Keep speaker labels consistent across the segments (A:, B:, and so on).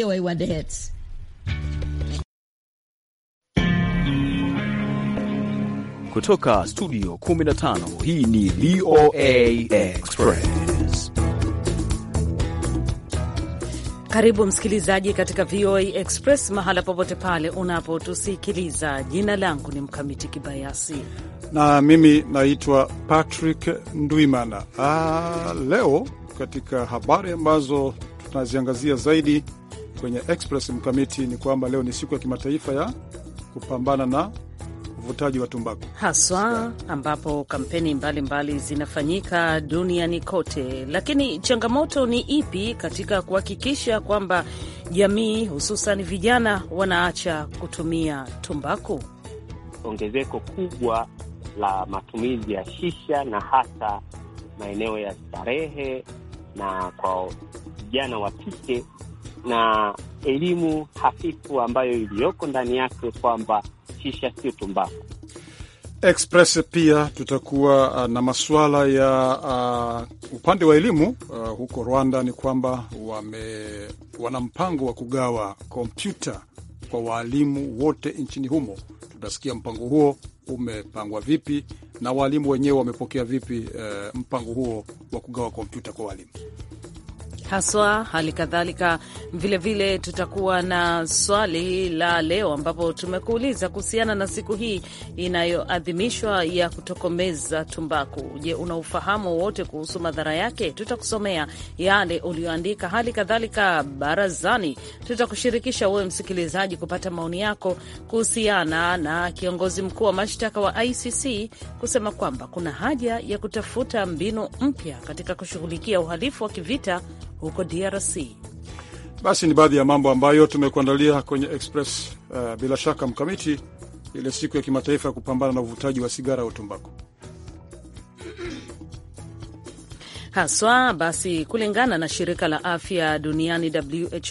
A: VOA The Hits.
B: Kutoka studio 15 hii ni VOA
A: Express. Karibu msikilizaji katika VOA Express mahala popote pale unapotusikiliza. Jina langu ni Mkamiti Kibayasi
C: na mimi naitwa Patrick Ndwimana. Ah, leo katika habari ambazo tunaziangazia zaidi kwenye Express Mkamiti ni kwamba leo ni siku ya kimataifa ya kupambana na
A: uvutaji wa tumbaku haswa, ambapo kampeni mbalimbali mbali zinafanyika duniani kote. Lakini changamoto ni ipi katika kuhakikisha kwamba jamii hususan vijana wanaacha kutumia tumbaku?
D: Ongezeko kubwa la matumizi ya shisha na hasa maeneo ya starehe, na kwa vijana wa kike na elimu hafifu ambayo iliyoko ndani yake kwamba shisha sio tumbaku.
C: Express pia tutakuwa uh, na masuala ya uh, upande wa elimu uh, huko Rwanda ni kwamba wame, wana mpango wa kugawa kompyuta kwa waalimu wote nchini humo. Tutasikia mpango huo umepangwa vipi na waalimu wenyewe wamepokea vipi uh, mpango huo wa kugawa kompyuta kwa waalimu
A: haswa. Hali kadhalika vilevile, tutakuwa na swali la leo, ambapo tumekuuliza kuhusiana na siku hii inayoadhimishwa ya kutokomeza tumbaku. Je, una ufahamu wowote kuhusu madhara yake? Tutakusomea yale uliyoandika. Hali kadhalika, barazani tutakushirikisha wewe msikilizaji kupata maoni yako kuhusiana na kiongozi mkuu wa mashtaka wa ICC kusema kwamba kuna haja ya kutafuta mbinu mpya katika kushughulikia uhalifu wa kivita huko DRC.
C: Basi ni baadhi ya mambo ambayo tumekuandalia kwenye Express. Uh, bila shaka mkamiti ile siku ya kimataifa ya kupambana na uvutaji wa sigara au tumbaku
A: haswa. Basi kulingana na shirika la afya duniani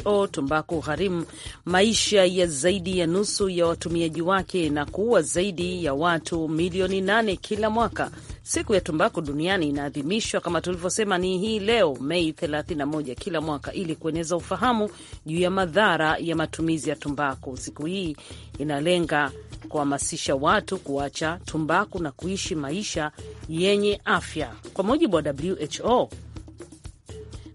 A: WHO, tumbaku gharimu maisha ya zaidi ya nusu ya watumiaji wake na kuua zaidi ya watu milioni nane kila mwaka. Siku ya tumbaku duniani inaadhimishwa kama tulivyosema, ni hii leo Mei 31 kila mwaka, ili kueneza ufahamu juu ya madhara ya matumizi ya tumbaku. Siku hii inalenga kuhamasisha watu kuacha tumbaku na kuishi maisha yenye afya. Kwa mujibu wa WHO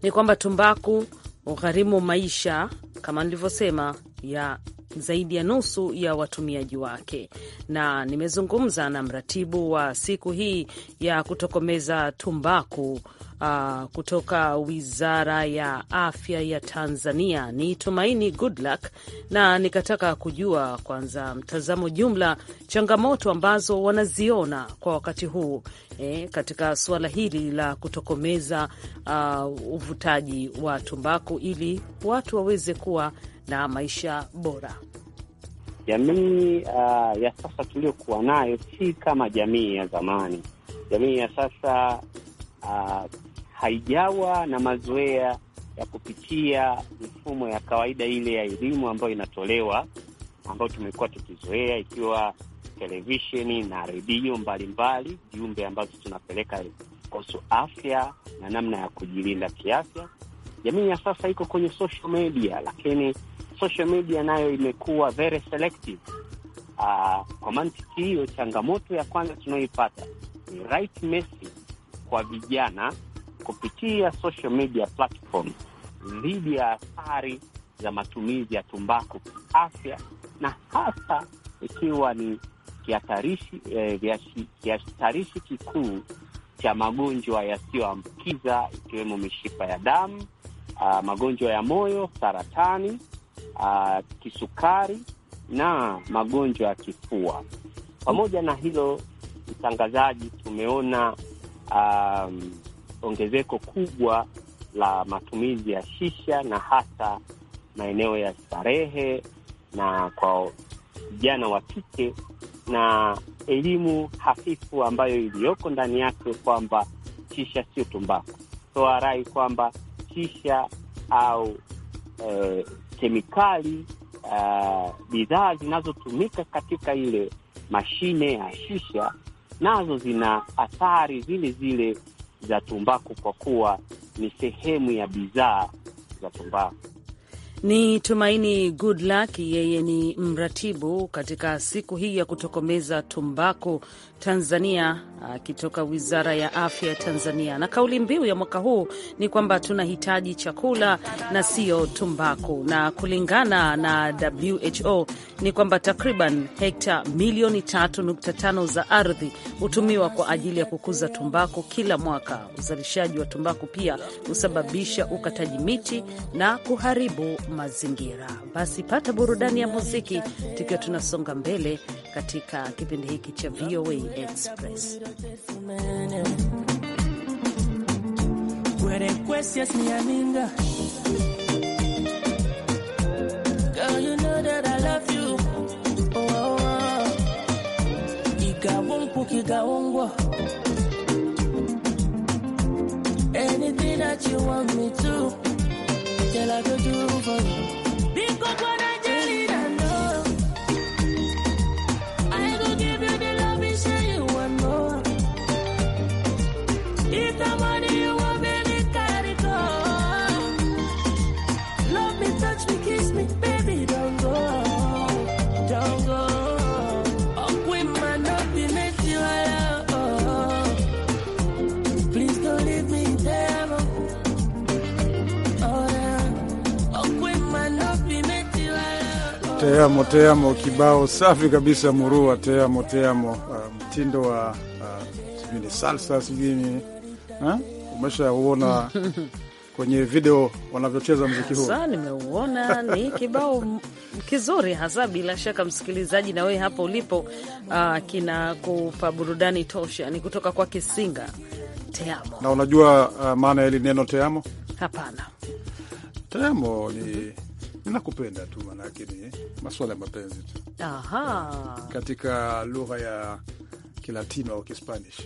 A: ni kwamba tumbaku ugharimu maisha kama nilivyosema ya zaidi ya nusu ya watumiaji wake, na nimezungumza na mratibu wa siku hii ya kutokomeza tumbaku Uh, kutoka Wizara ya Afya ya Tanzania ni Tumaini Goodluck, na nikataka kujua kwanza mtazamo jumla, changamoto ambazo wanaziona kwa wakati huu eh, katika suala hili la kutokomeza uh, uvutaji wa tumbaku ili watu waweze kuwa na maisha bora.
D: Jamii uh, ya sasa tuliyokuwa nayo si kama jamii ya zamani. Jamii ya sasa uh, haijawa na mazoea ya kupitia mifumo ya kawaida ile ya elimu ambayo inatolewa, ambayo tumekuwa tukizoea, ikiwa televisheni na redio mbalimbali, jumbe ambazo tunapeleka kuhusu afya na namna ya kujilinda kiafya. Jamii ya sasa iko kwenye social media, lakini social media nayo imekuwa very selective. Uh, kwa mantiki hiyo, changamoto ya kwanza tunayoipata ni right message kwa vijana kupitia social media platform dhidi ya athari za matumizi ya tumbaku kiafya, na hasa ikiwa ni kihatarishi eh, kihatarishi kikuu cha magonjwa yasiyoambukiza ikiwemo mishipa ya damu, uh, magonjwa ya moyo, saratani uh, kisukari na magonjwa ya kifua. Pamoja na hilo, mtangazaji, tumeona um, ongezeko kubwa la matumizi ya shisha na hasa maeneo ya starehe na kwa vijana wa kike na elimu hafifu ambayo iliyoko ndani yake kwamba shisha sio tumbaku. Toa rai kwamba shisha au eh, kemikali uh, bidhaa zinazotumika katika ile mashine ya shisha nazo zina athari zile zile za tumbaku, kwa kuwa ni sehemu ya bidhaa za tumbaku.
A: Ni Tumaini Good Luck, yeye ni mratibu katika siku hii ya kutokomeza tumbaku Tanzania, akitoka wizara ya afya ya Tanzania. Na kauli mbiu ya mwaka huu ni kwamba tunahitaji chakula na siyo tumbaku, na kulingana na WHO ni kwamba takriban hekta milioni 3.5 za ardhi hutumiwa kwa ajili ya kukuza tumbaku kila mwaka. Uzalishaji wa tumbaku pia husababisha ukataji miti na kuharibu mazingira. Basi pata burudani ya muziki tukiwa tunasonga mbele katika kipindi hiki cha VOA Express. Oh, oh, oh. Anything that you want me to that I could do for you. Because when
C: Teamo teamo, kibao safi kabisa, murua teamo teamo. Uh, mtindo wa uh, sijui ni salsa sijui ni umeshauona kwenye video wanavyocheza mziki huu. Sasa
A: nimeuona ni kibao kizuri hasa, bila shaka msikilizaji, na wewe hapo ulipo, uh, ah, kinakupa burudani tosha. Ni kutoka kwa Kisinga Teamo.
C: Na unajua uh, maana ya hili neno teamo? Hapana. Teamo ni ninakupenda tu, manake ni maswala ya mapenzi tu.
A: Aha. Eh,
C: katika lugha ya Kilatino au Kispanish.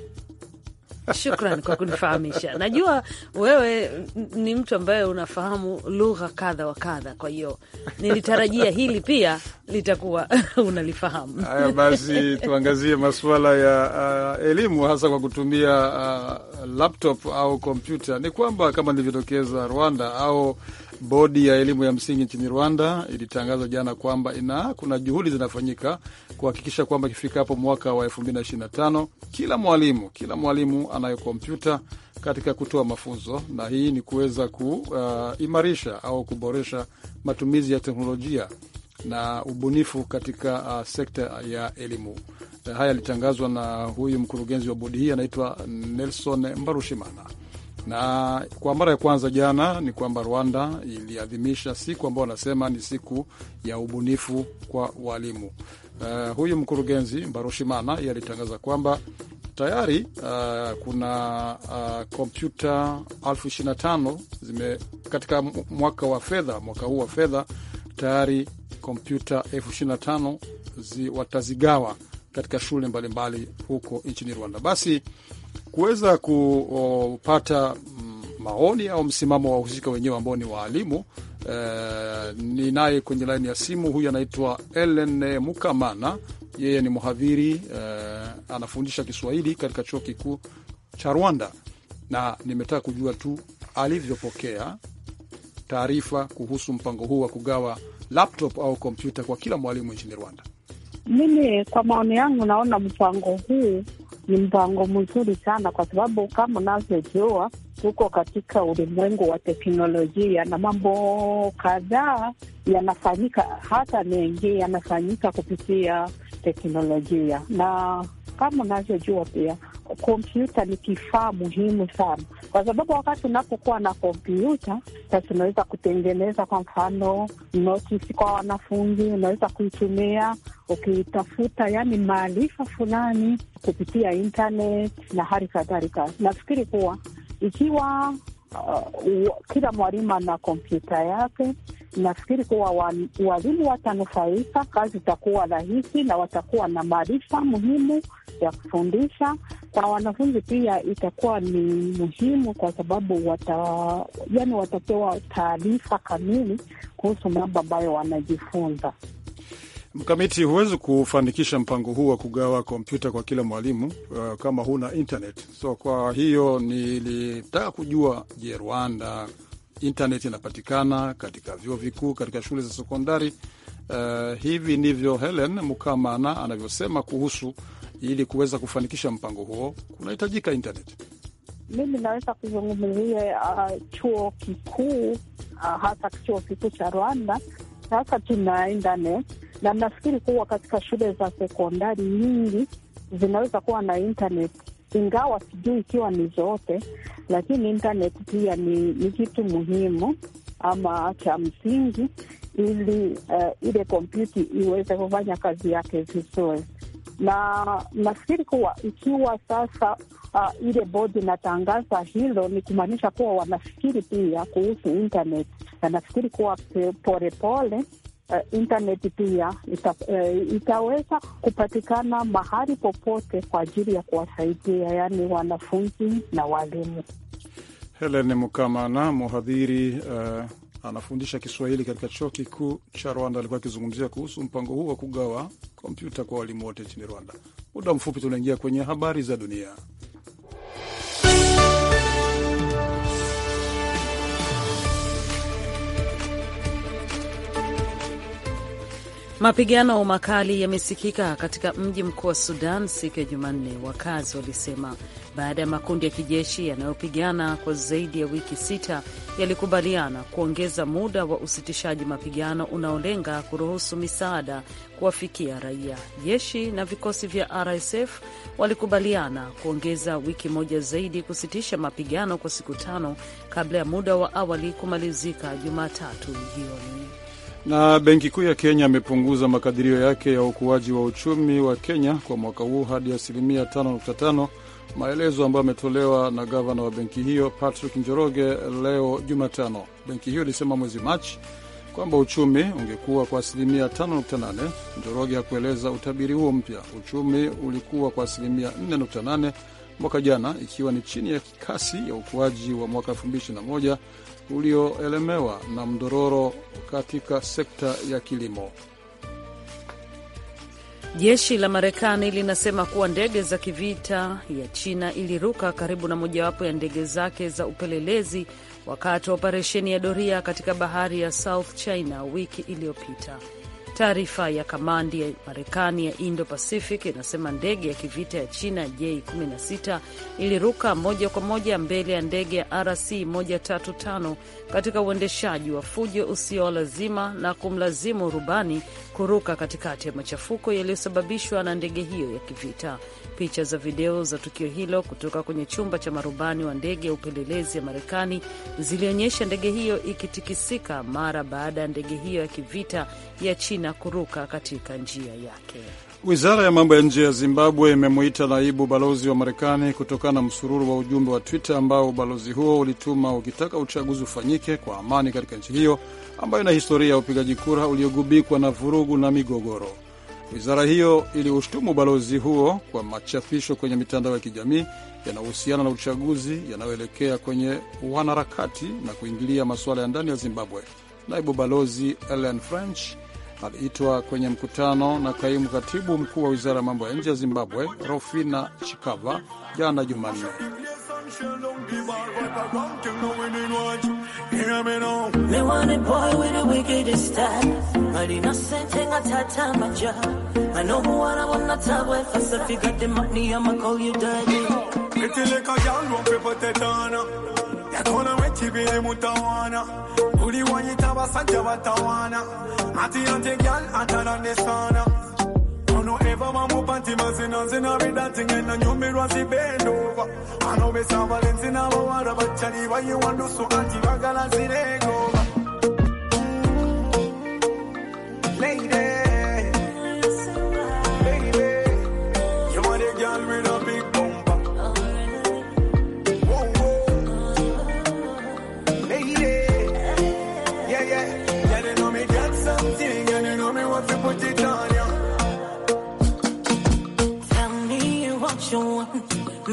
A: Shukran kwa kunifahamisha. Najua wewe ni mtu ambaye unafahamu lugha kadha wa kadha, kwa hiyo nilitarajia hili pia litakuwa unalifahamu. Haya basi,
C: tuangazie masuala ya uh, elimu hasa kwa kutumia uh, laptop au kompyuta. Ni kwamba kama nilivyotokeza Rwanda au Bodi ya elimu ya msingi nchini Rwanda ilitangaza jana kwamba ina kuna juhudi zinafanyika kuhakikisha kwamba ikifika hapo mwaka wa 2025 kila mwalimu kila mwalimu anayo kompyuta katika kutoa mafunzo, na hii ni kuweza kuimarisha uh, au kuboresha matumizi ya teknolojia na ubunifu katika uh, sekta ya elimu. Haya yalitangazwa na huyu mkurugenzi wa bodi hii anaitwa Nelson Mbarushimana na kwa mara ya kwanza jana ni kwamba Rwanda iliadhimisha siku ambao wanasema ni siku ya ubunifu kwa walimu. Uh, huyu mkurugenzi Mbarushimana yeye alitangaza kwamba tayari uh, kuna eh, kompyuta uh, elfu ishirini na tano zime katika mwaka wa fedha mwaka huu wa fedha tayari kompyuta elfu ishirini na tano zi, watazigawa katika shule mbalimbali mbali huko nchini Rwanda. Basi kuweza kupata mm, maoni au msimamo wa wahusika wenyewe ambao ni waalimu eh, ni naye kwenye laini ya simu. Huyu anaitwa Ellen Mukamana, yeye ni mhadhiri eh, anafundisha Kiswahili katika chuo kikuu cha Rwanda, na nimetaka kujua tu alivyopokea taarifa kuhusu mpango huu wa kugawa laptop au kompyuta kwa kila mwalimu nchini Rwanda.
E: Mimi kwa maoni yangu naona mpango huu ni mpango mzuri sana, kwa sababu kama unavyojua tuko katika ulimwengu wa teknolojia na mambo kadhaa yanafanyika, hata mengi yanafanyika kupitia teknolojia na kama unavyojua pia kompyuta ni kifaa muhimu sana, kwa sababu wakati unapokuwa na kompyuta sasa unaweza kutengeneza, kwa mfano notisi kwa wanafunzi, unaweza kuitumia ukitafuta yani maarifa fulani kupitia internet na hali kadhalika. Nafikiri kuwa ikiwa uh, kila mwalimu ana kompyuta yake nafikiri kuwa walimu watanufaika, kazi itakuwa rahisi na watakuwa na maarifa muhimu ya kufundisha. Kwa wanafunzi pia itakuwa ni muhimu, kwa sababu wata, yani watapewa taarifa kamili kuhusu mambo ambayo wanajifunza.
C: Mkamiti, huwezi kufanikisha mpango huu wa kugawa kompyuta kwa kila mwalimu uh, kama huna internet. So kwa hiyo nilitaka kujua, je, Rwanda internet inapatikana katika vyuo vikuu, katika shule za sekondari. Uh, hivi ndivyo Helen Mukamana anavyosema kuhusu, ili kuweza kufanikisha mpango huo kunahitajika internet.
E: Mimi naweza kuzungumzia uh, chuo kikuu uh, hasa chuo kikuu cha Rwanda. Sasa tuna internet na nafikiri kuwa katika shule za sekondari nyingi zinaweza kuwa na internet ingawa sijui ikiwa ni zote, lakini internet pia ni, ni kitu muhimu ama cha msingi ili uh, ile kompyuta iweze kufanya kazi yake vizuri, na nafikiri kuwa ikiwa sasa uh, ile bodi inatangaza hilo, ni kumaanisha kuwa wanafikiri pia kuhusu internet, na nafikiri kuwa polepole pole, uh, eh, intaneti pia ita, uh, itaweza kupatikana mahali popote kwa ajili ya kuwasaidia yaani wanafunzi na walimu.
C: Helen Mukamana, mhadhiri uh, eh, anafundisha Kiswahili katika chuo kikuu cha Rwanda, alikuwa akizungumzia kuhusu mpango huu wa kugawa kompyuta kwa walimu wote nchini Rwanda. Muda mfupi tunaingia kwenye habari za dunia.
A: Mapigano makali yamesikika katika mji mkuu wa Sudan siku ya Jumanne, wakazi walisema, baada ya makundi ya kijeshi yanayopigana kwa zaidi ya wiki sita yalikubaliana kuongeza muda wa usitishaji mapigano unaolenga kuruhusu misaada kuwafikia raia. Jeshi na vikosi vya RSF walikubaliana kuongeza wiki moja zaidi kusitisha mapigano kwa siku tano kabla ya muda wa awali kumalizika Jumatatu jioni.
C: Na Benki Kuu ya Kenya amepunguza makadirio yake ya ukuaji wa uchumi wa Kenya kwa mwaka huu hadi asilimia 5.5, maelezo ambayo ametolewa na gavana wa benki hiyo Patrick Njoroge leo Jumatano. Benki hiyo ilisema mwezi Machi kwamba uchumi ungekuwa kwa asilimia 5.8. Njoroge hakueleza utabiri huo mpya. Uchumi ulikuwa kwa asilimia 4.8 mwaka jana, ikiwa ni chini ya kasi ya ukuaji wa mwaka 2021 ulioelemewa na mdororo katika sekta ya kilimo.
A: Jeshi la Marekani linasema kuwa ndege za kivita ya China iliruka karibu na mojawapo ya ndege zake za upelelezi wakati wa operesheni ya doria katika bahari ya South China wiki iliyopita. Taarifa ya kamandi ya Marekani ya Indo Pacific inasema ndege ya kivita ya China J16 iliruka moja kwa moja mbele ya ndege ya RC 135 katika uendeshaji wa fujo usio lazima na kumlazimu rubani kuruka katikati ya machafuko yaliyosababishwa na ndege hiyo ya kivita. Picha za video za tukio hilo kutoka kwenye chumba cha marubani wa ndege ya upelelezi ya Marekani zilionyesha ndege hiyo ikitikisika mara baada ya ndege hiyo ya kivita ya China na kuruka katika njia yake.
C: Wizara ya mambo ya nje ya Zimbabwe imemwita naibu balozi wa Marekani kutokana na msururu wa ujumbe wa Twitter ambao ubalozi huo ulituma ukitaka uchaguzi ufanyike kwa amani katika nchi hiyo ambayo ina historia ya upigaji kura uliogubikwa na vurugu na migogoro. Wizara hiyo iliushtumu ubalozi huo kwa machapisho kwenye mitandao ya kijamii yanayohusiana na uchaguzi yanayoelekea kwenye wanaharakati na kuingilia masuala ya ndani ya Zimbabwe. Naibu balozi Ellen French aliitwa kwenye mkutano na kaimu katibu mkuu wa wizara ya mambo ya nje ya Zimbabwe, Rofina Chikava, jana Jumanne.
F: kibe mutawana uli wanyita basajja batawana
C: ati ante gal atala nesana ono eva mamupa nti mazina nzina bida nti ngena nyumirwa zibendova ano besambale nzina bawara bacali
F: bayiwandusu anti bagala zilegova Lady.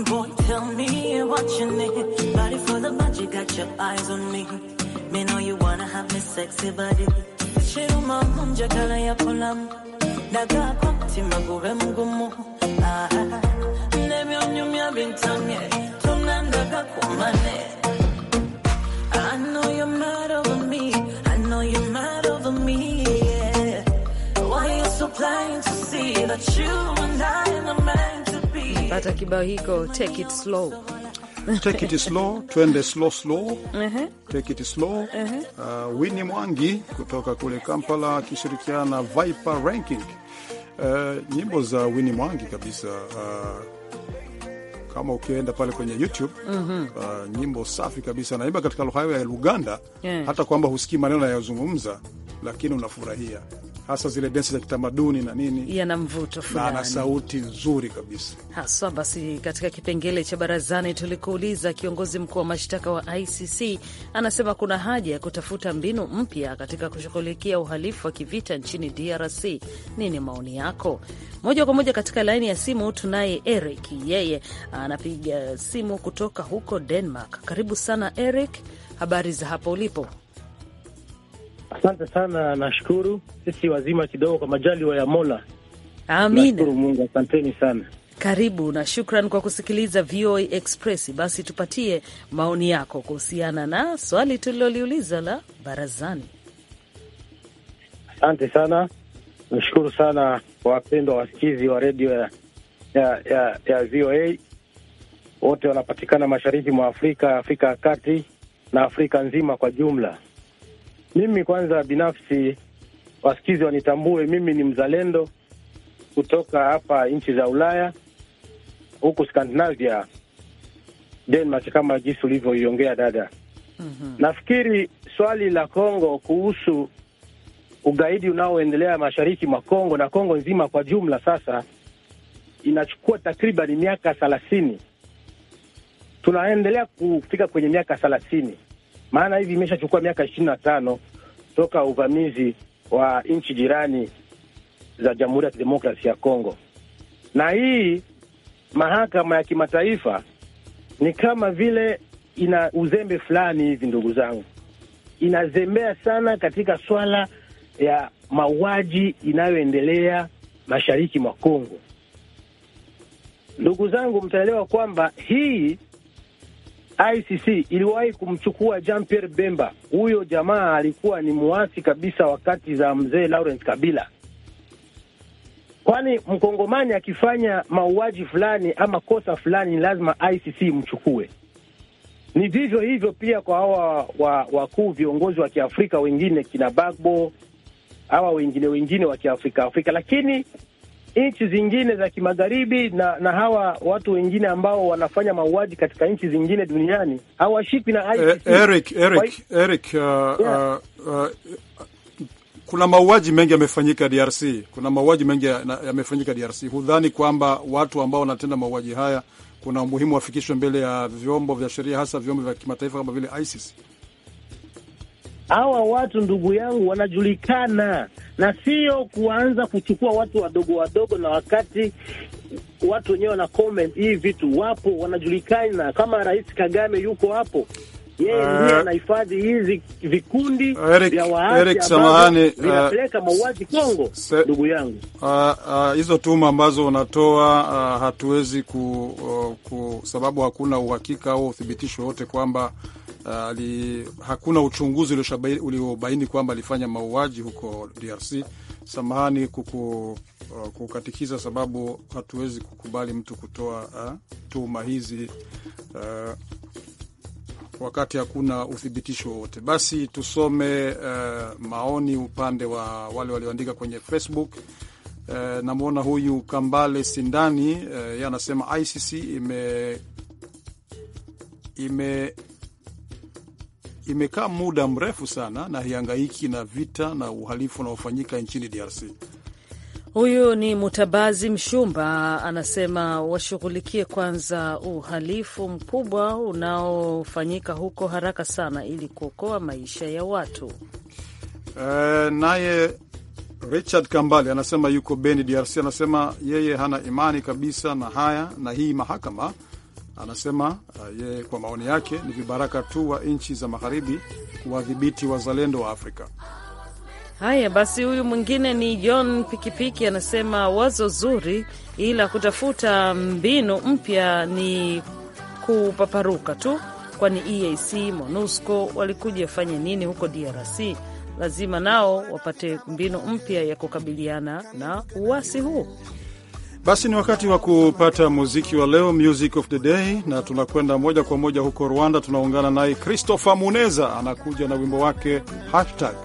A: Boy, tell me what you need. Body full of magic, got your eyes on me. Me know you wanna have me sexy body. Chiruma munja kala ya pulam. Daga pakti magure mgumu. Ah, nemi onyumya bintamye. Tunandaga kumane. I know you're mad over me. I know you're mad over me. Why you so blind to see that you and I are pata kibao hiko take it slow
C: Take it slow, twende slow slow. Take it slow. Uh, Mwangi kutoka kule Kampala akishirikiana na Viper Ranking. Uh, nyimbo za wini Mwangi kabisa. Uh, kama ukienda pale kwenye YouTube mhm. Uh, nyimbo safi kabisa, naimba katika lugha ya Luganda Hata kwamba husikii maneno yanayozungumza, lakini unafurahia hasa zile densi za kitamaduni na nini,
A: yana mvuto fulani na ana sauti
C: nzuri kabisa
A: haswa. Basi katika kipengele cha barazani tulikuuliza, kiongozi mkuu wa mashtaka wa ICC anasema kuna haja ya kutafuta mbinu mpya katika kushughulikia uhalifu wa kivita nchini DRC. Nini maoni yako? Moja kwa moja katika laini ya simu tunaye Eric, yeye anapiga simu kutoka huko Denmark. Karibu sana Eric, habari za hapo ulipo?
F: Asante sana, nashukuru sisi wazima kidogo, kwa majaliwa ya Mola. Amina, nashukuru Mungu. Asanteni sana.
A: Karibu na shukran kwa kusikiliza VOA Express. Basi tupatie maoni yako kuhusiana na swali tuliloliuliza la barazani.
F: Asante sana, nashukuru sana wapendwa wasikizi wa redio ya, ya, ya, ya VOA wote wanapatikana mashariki mwa Afrika, Afrika ya kati na Afrika nzima kwa jumla. Mimi kwanza binafsi wasikizi wanitambue mimi ni mzalendo kutoka hapa nchi za Ulaya huku Skandinavia, Denmark, kama jinsi ulivyoiongea dada. mm -hmm. Nafikiri swali la Kongo kuhusu ugaidi unaoendelea mashariki mwa Kongo na Kongo nzima kwa jumla, sasa inachukua takriban miaka thelathini, tunaendelea kufika kwenye miaka thelathini, maana hivi imeshachukua miaka ishirini na tano toka uvamizi wa nchi jirani za Jamhuri ya Kidemokrasi ya Kongo. Na hii mahakama ya kimataifa ni kama vile ina uzembe fulani hivi, ndugu zangu, inazembea sana katika swala ya mauaji inayoendelea mashariki mwa Kongo. Ndugu zangu, mtaelewa kwamba hii ICC iliwahi kumchukua Jean Pierre Bemba. Huyo jamaa alikuwa ni muasi kabisa wakati za mzee Lawrence Kabila, kwani mkongomani akifanya mauaji fulani ama kosa fulani lazima ICC mchukue. Ni vivyo hivyo pia kwa hawa wakuu wa viongozi wa Kiafrika wengine, kina Bagbo hawa wengine wengine wa Kiafrika Afrika, lakini nchi zingine za kimagharibi na, na hawa watu wengine ambao wanafanya mauaji katika nchi zingine duniani hawashikwi na eh, ICC. Eric, Eric,
C: Eric, uh, yeah. uh, uh, kuna mauaji mengi yamefanyika DRC, kuna mauaji mengi yamefanyika DRC. Hudhani kwamba watu ambao wanatenda mauaji haya kuna umuhimu wafikishwe mbele ya vyombo vya sheria, hasa vyombo vya kimataifa kama vile ICC?
F: hawa watu ndugu yangu wanajulikana, na sio kuanza kuchukua watu wadogo wadogo, na wakati watu wenyewe wana comment hii vitu, wapo wanajulikana. Kama Rais Kagame yuko hapo, yeye eh, ndiye anahifadhi
C: hizi vikundi eh, vya waasi eh, vinapeleka
F: mauaji Kongo. Ndugu yangu,
C: ah, ah, hizo tuma ambazo unatoa uh, hatuwezi ku, uh, ku sababu hakuna uhakika au uthibitisho wote kwamba Uh, ali, hakuna uchunguzi uliobaini kwamba alifanya mauaji huko DRC. Samahani kuku, uh, kukatikiza, sababu hatuwezi kukubali mtu kutoa uh, tuhuma hizi uh, wakati hakuna uthibitisho wowote. Basi tusome uh, maoni upande wa wale walioandika kwenye Facebook. Uh, namwona huyu Kambale Sindani uh, ye anasema ICC ime ime imekaa muda mrefu sana na hiangaiki na vita na uhalifu unaofanyika nchini DRC.
A: Huyu ni Mutabazi Mshumba, anasema washughulikie kwanza uhalifu mkubwa unaofanyika huko haraka sana ili kuokoa maisha ya watu.
C: E, naye Richard kambali anasema yuko Beni, DRC, anasema yeye hana imani kabisa na haya na hii mahakama Anasema uh, ye, kwa maoni yake ni vibaraka tu wa nchi za magharibi kuwadhibiti wazalendo wa Afrika.
A: Haya basi, huyu mwingine ni John Pikipiki, anasema wazo zuri, ila kutafuta mbinu mpya ni kupaparuka tu, kwani EAC, MONUSCO walikuja wafanye nini huko DRC? Lazima nao wapate mbinu mpya ya kukabiliana na uasi huu.
C: Basi ni wakati wa kupata muziki wa leo, music of the day, na tunakwenda moja kwa moja huko Rwanda. Tunaungana naye Christopher Muneza, anakuja na wimbo wake hashtag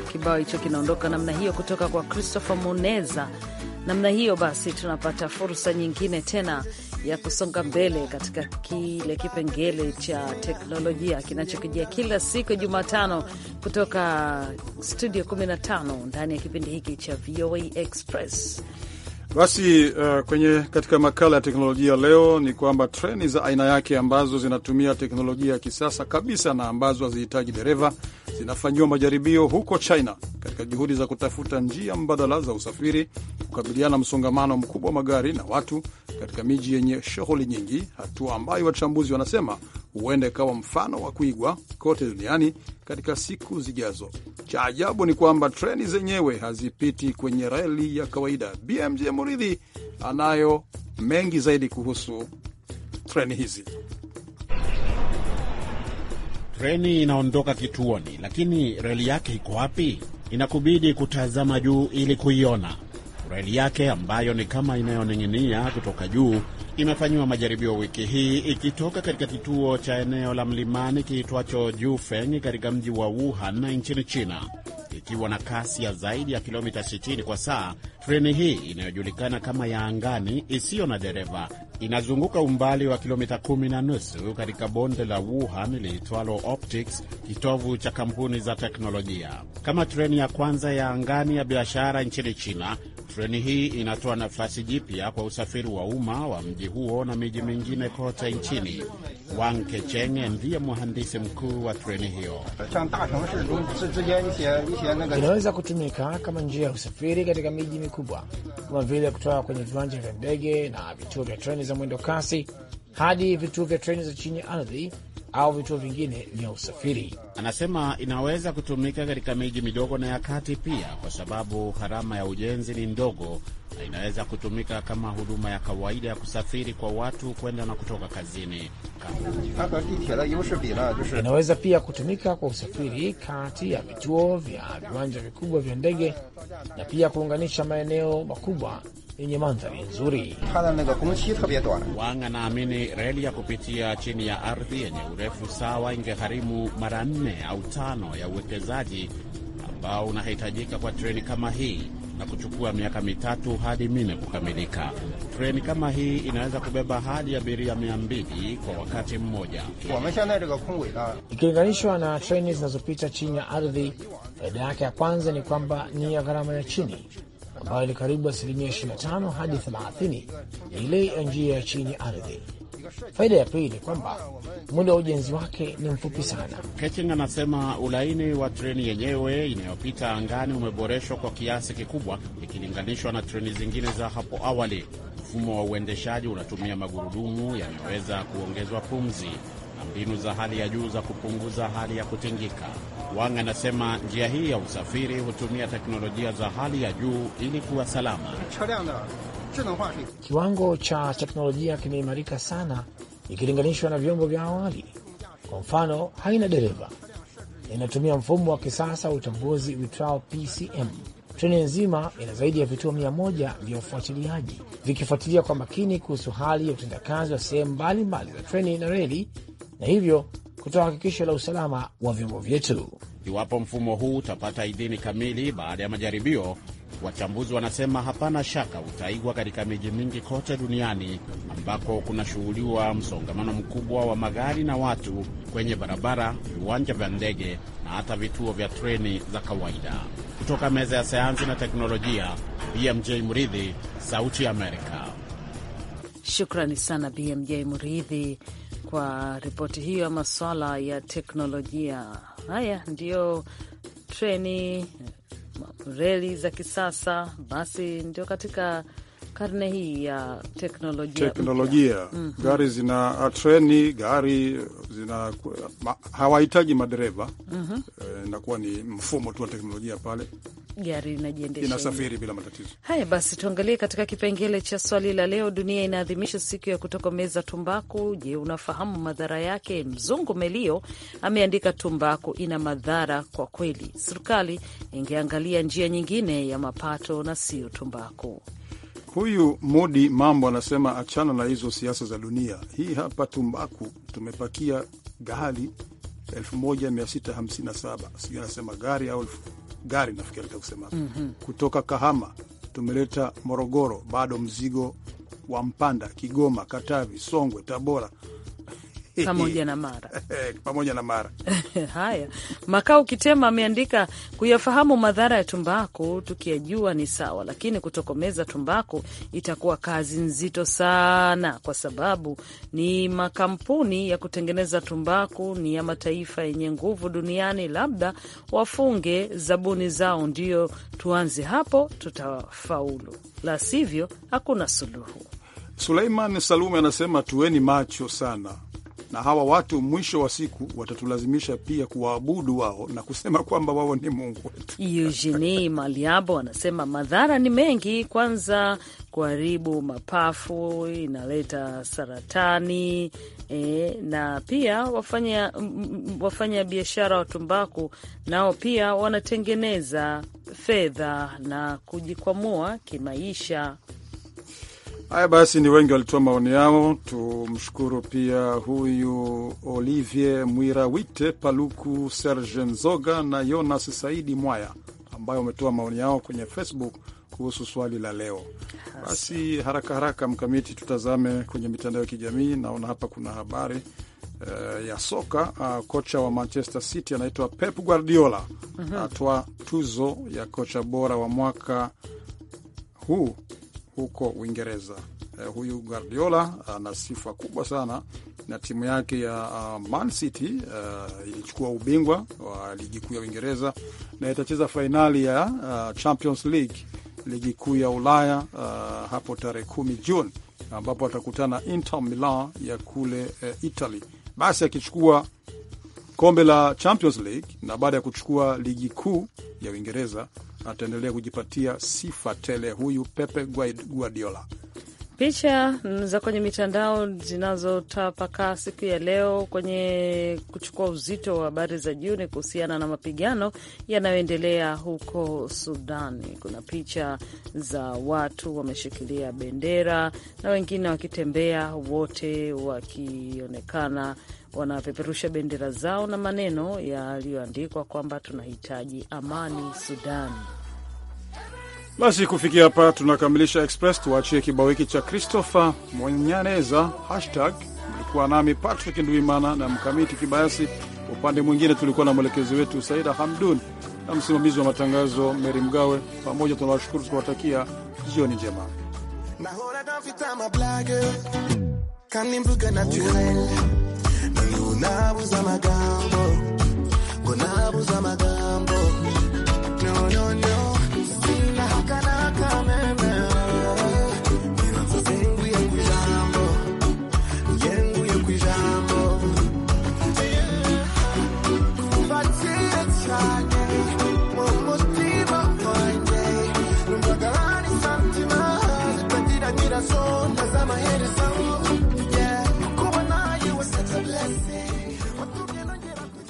A: Kibao hicho kinaondoka namna hiyo kutoka kwa Christopher Moneza. Namna hiyo basi, tunapata fursa nyingine tena ya kusonga mbele katika kile kipengele cha teknolojia kinachokijia kila siku ya Jumatano kutoka studio 15 ndani ya kipindi hiki cha VOA Express.
C: Basi uh, kwenye katika makala ya teknolojia leo ni kwamba treni za aina yake ambazo zinatumia teknolojia ya kisasa kabisa na ambazo hazihitaji dereva zinafanyiwa majaribio huko China katika juhudi za kutafuta njia mbadala za usafiri kukabiliana na msongamano mkubwa wa magari na watu katika miji yenye shughuli nyingi, hatua ambayo wachambuzi wanasema huenda ikawa mfano wa kuigwa kote duniani katika siku zijazo. Cha ajabu ni kwamba treni zenyewe hazipiti kwenye reli ya kawaida. BMJ Muridhi anayo mengi zaidi kuhusu treni hizi.
B: Treni inaondoka kituoni, lakini reli yake iko wapi? Inakubidi kutazama juu ili kuiona. Reli yake ambayo ni kama inayoning'inia kutoka juu imefanyiwa majaribio wiki hii ikitoka katika kituo cha eneo la mlimani kiitwacho Jufeng katika mji wa Wuhan nchini China. Ikiwa na kasi ya zaidi ya kilomita 60 kwa saa, treni hii inayojulikana kama ya angani isiyo na dereva inazunguka umbali wa kilomita kumi na nusu katika bonde la Wuhan liitwalo Optics, kitovu cha kampuni za teknolojia. Kama treni ya kwanza ya angani ya biashara nchini China, treni hii inatoa nafasi jipya kwa usafiri wa umma wa mji huo na miji mingine kote nchini. Wang Kecheng ndiye mhandisi mkuu wa treni hiyo.
G: Inaweza kutumika kama njia ya usafiri katika miji mikubwa kama vile kutoka kwenye viwanja vya ndege na vituo vya treni za mwendo kasi hadi vituo vya treni za chini ya ardhi au vituo vingine vya usafiri.
B: Anasema inaweza kutumika katika miji midogo na ya kati pia, kwa sababu gharama ya ujenzi ni ndogo na inaweza kutumika kama huduma ya kawaida ya kusafiri kwa watu kwenda na kutoka kazini. Inaweza
G: pia kutumika kwa usafiri kati ya vituo vya viwanja vikubwa vya ndege na pia kuunganisha maeneo makubwa yenye mandhari nzuri.
B: Wang anaamini reli ya kupitia chini ya ardhi yenye urefu sawa ingegharimu mara nne au tano ya uwekezaji ambao unahitajika kwa treni kama hii na kuchukua miaka mitatu hadi minne kukamilika. Treni kama hii inaweza kubeba hadi abiria mia mbili kwa wakati mmoja
G: ikilinganishwa na treni zinazopita chini ya ardhi. Faida yake ya kwanza ni kwamba ni ya gharama ya chini ambayo ni karibu asilimia 25 hadi 30 ya ile ya njia ya chini ya ardhi. Faida ya pili ni kwamba muda wa ujenzi wake ni mfupi sana.
B: kechin anasema ulaini wa treni yenyewe inayopita angani umeboreshwa kwa kiasi kikubwa ikilinganishwa na treni zingine za hapo awali. Mfumo wa uendeshaji unatumia magurudumu yanayoweza kuongezwa pumzi na mbinu za hali ya juu za kupunguza hali ya kutingika. Wang anasema njia hii ya usafiri hutumia teknolojia za hali ya juu ili kuwa salama.
G: Kiwango cha teknolojia kimeimarika sana ikilinganishwa na vyombo vya awali. Kwa mfano, haina dereva, inatumia mfumo wa kisasa wa utambuzi uitwao PCM. Treni nzima ina zaidi ya vituo mia moja vya ufuatiliaji vikifuatilia kwa makini kuhusu hali ya utendakazi wa sehemu mbalimbali za treni na reli, na hivyo kutoa hakikisho la usalama wa vyombo vyetu.
B: Iwapo mfumo huu utapata idhini kamili baada ya majaribio, wachambuzi wanasema hapana shaka utaigwa katika miji mingi kote duniani ambako kunashuhudiwa msongamano mkubwa wa magari na watu kwenye barabara, viwanja vya ndege na hata vituo vya treni za kawaida. Kutoka meza ya sayansi na teknolojia, BMJ Mridhi, Sauti ya Amerika.
A: Shukrani sana BMJ Mridhi kwa ripoti hiyo ya maswala ya teknolojia. Haya ndiyo treni, reli za kisasa, basi ndio katika karne hii ya teknolojia, teknolojia. Mm -hmm.
C: Gari zina treni, gari zina ma, hawahitaji madereva mm -hmm. Inakuwa ni mfumo tu wa teknolojia pale,
A: gari inajiendesha, inasafiri bila matatizo. Haya basi, tuangalie katika kipengele cha swali la leo. Dunia inaadhimisha siku ya kutokomeza tumbaku. Je, unafahamu madhara yake? Mzungu Melio ameandika, tumbaku ina madhara kwa kweli, serikali ingeangalia njia nyingine ya mapato na sio tumbaku.
C: Huyu mudi Mambo anasema achana na hizo siasa za dunia. Hii hapa tumbaku tumepakia gari 1657 sijui anasema gari au gari, nafikiri kusema mm -hmm. kutoka Kahama tumeleta Morogoro, bado mzigo wa Mpanda, Kigoma, Katavi, Songwe, Tabora Eh, pamoja na Mara pamoja na Mara.
A: Haya, Makao Kitema ameandika kuyafahamu madhara ya tumbaku tukiyajua ni sawa, lakini kutokomeza tumbaku itakuwa kazi nzito sana, kwa sababu ni makampuni ya kutengeneza tumbaku ni ya mataifa yenye nguvu duniani. Labda wafunge zabuni zao, ndio tuanze hapo, tutafaulu, la sivyo hakuna suluhu.
C: Suleiman Salume anasema tuweni macho sana na hawa watu mwisho wa siku watatulazimisha pia kuwaabudu wao na kusema kwamba wao ni Mungu
A: wetu. Eugenie Maliabo anasema madhara ni mengi, kwanza kuharibu mapafu, inaleta saratani e, na pia wafanya, wafanya biashara wa tumbaku nao pia wanatengeneza fedha na kujikwamua kimaisha.
C: Haya basi, ni wengi walitoa maoni yao. Tumshukuru pia huyu Olivier Mwira Wite Paluku, Serge Nzoga na Yonas Saidi Mwaya ambayo wametoa maoni yao kwenye Facebook kuhusu swali la leo. Basi haraka haraka, Mkamiti, tutazame kwenye mitandao ya kijamii. Naona hapa kuna habari Uh, ya soka uh, kocha wa Manchester City anaitwa Pep Guardiola mm -hmm. atoa tuzo ya kocha bora wa mwaka huu huko Uingereza. Uh, huyu Guardiola ana uh, sifa kubwa sana na timu yake ya uh, Man City uh, ilichukua ubingwa wa ligi kuu ya Uingereza na itacheza fainali ya uh, Champions League, ligi kuu ya Ulaya uh, hapo tarehe kumi Juni ambapo atakutana Inter Milan ya kule uh, Italy. Basi akichukua kombe la Champions League na baada ya kuchukua ligi kuu ya Uingereza ataendelea kujipatia sifa tele huyu Pepe Guardiola.
A: Picha mm, za kwenye mitandao zinazotapakaa siku ya leo kwenye kuchukua uzito wa habari za juu ni kuhusiana na mapigano yanayoendelea huko Sudani. Kuna picha za watu wameshikilia bendera na wengine wakitembea, wote wakionekana wanapeperusha bendera zao na maneno yaliyoandikwa kwamba tunahitaji amani Sudan.
C: Basi kufikia hapa tunakamilisha Express. Tuachie kibao hiki cha Christopher Mwenyaneza hashtag mlikuwa nami Patrick Ndwimana na Mkamiti Kibayasi. Upande mwingine tulikuwa na mwelekezi wetu Saida Hamdun na msimamizi wa matangazo Meri Mgawe. Pamoja tunawashukuru tukiwatakia jioni njema.
F: ngonabuza amagambo ngonabuza amagambo